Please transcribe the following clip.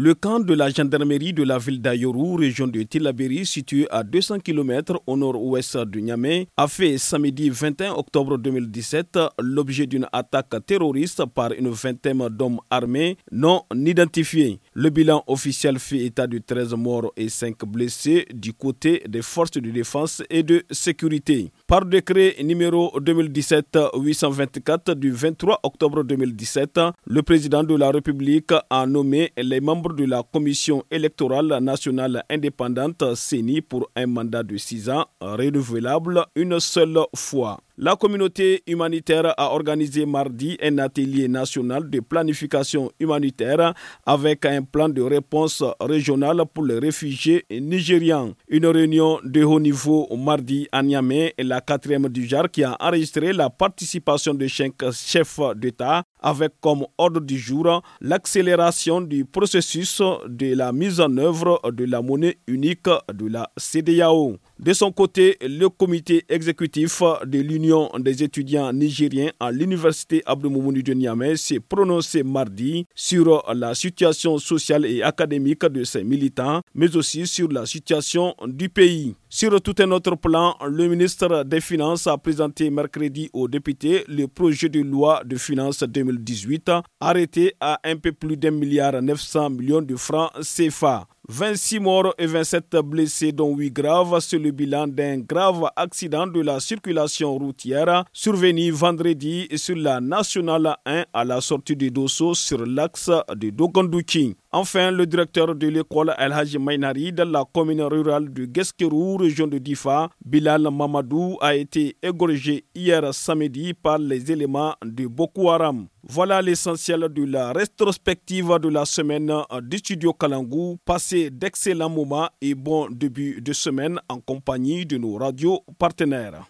Le camp de la gendarmerie de la ville d'Ayoru, région de Tilaberi, situé à 200 km au nord-ouest de Niamey, a fait samedi 21 octobre 2017 l'objet d'une attaque terroriste par une vingtaine d'hommes armés non identifiés. Le bilan officiel fait état de 13 morts et 5 blessés du côté des forces de défense et de sécurité. Par décret numéro 2017-824 du 23 octobre 2017, le président de la République a nommé les membres de la Commission électorale nationale indépendante CENI pour un mandat de 6 ans renouvelable une seule fois. La communauté humanitaire a organisé mardi un atelier national de planification humanitaire avec un plan de réponse régional pour les réfugiés nigérians. Une réunion de haut niveau mardi à Niamey, la quatrième du JAR, qui a enregistré la participation de cinq chefs d'État avec comme ordre du jour l'accélération du processus de la mise en œuvre de la monnaie unique de la CDAO. De son côté, le comité exécutif de l'Union l'Union des étudiants nigériens à l'Université Abdou de Niamey s'est prononcée mardi sur la situation sociale et académique de ses militants, mais aussi sur la situation du pays. Sur tout un autre plan, le ministre des Finances a présenté mercredi aux députés le projet de loi de finances 2018 arrêté à un peu plus d'un milliard 900 millions de francs CFA. 26 morts et 27 blessés, dont 8 graves. sur le bilan d'un grave accident de la circulation routière survenu vendredi sur la Nationale 1 à la sortie de Dosso sur l'axe de Dogondouki. Enfin, le directeur de l'école El Haji Mainari de la commune rurale de Gueskerou, région de Difa, Bilal Mamadou, a été égorgé hier samedi par les éléments de Boko Haram. Voilà l'essentiel de la rétrospective de la semaine du studio Kalangou. Passez d'excellents moments et bon début de semaine en compagnie de nos radios partenaires.